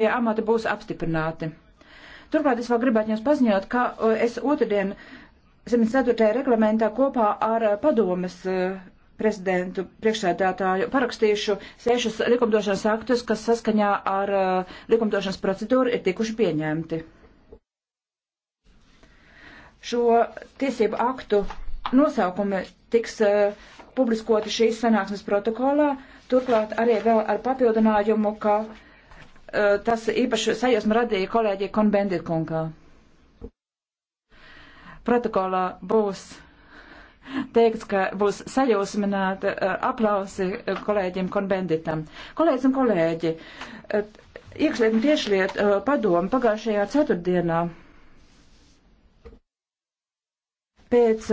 šie amati būs apstiprināti. Turklāt es vēl gribētu jums paziņot, ka uh, es otrdien 74. reglamentā kopā ar uh, padomes uh, prezidentu priekšsēdētāju parakstīšu sešus likumdošanas aktus, kas saskaņā ar likumdošanas procedūru ir tikuši pieņemti. Šo tiesību aktu nosaukumi tiks uh, publiskoti šīs sanāksmes protokolā, turklāt arī vēl ar papildinājumu, ka uh, tas īpaši sajūsmu radīja kolēģi Konbenditkunkā. Protokolā būs teikts, ka būs sajūsmināta aplausi kolēģim Konbenditam. Kolēģis un kolēģi, iekšliet un tiešliet padomu pagājušajā ceturtdienā pēc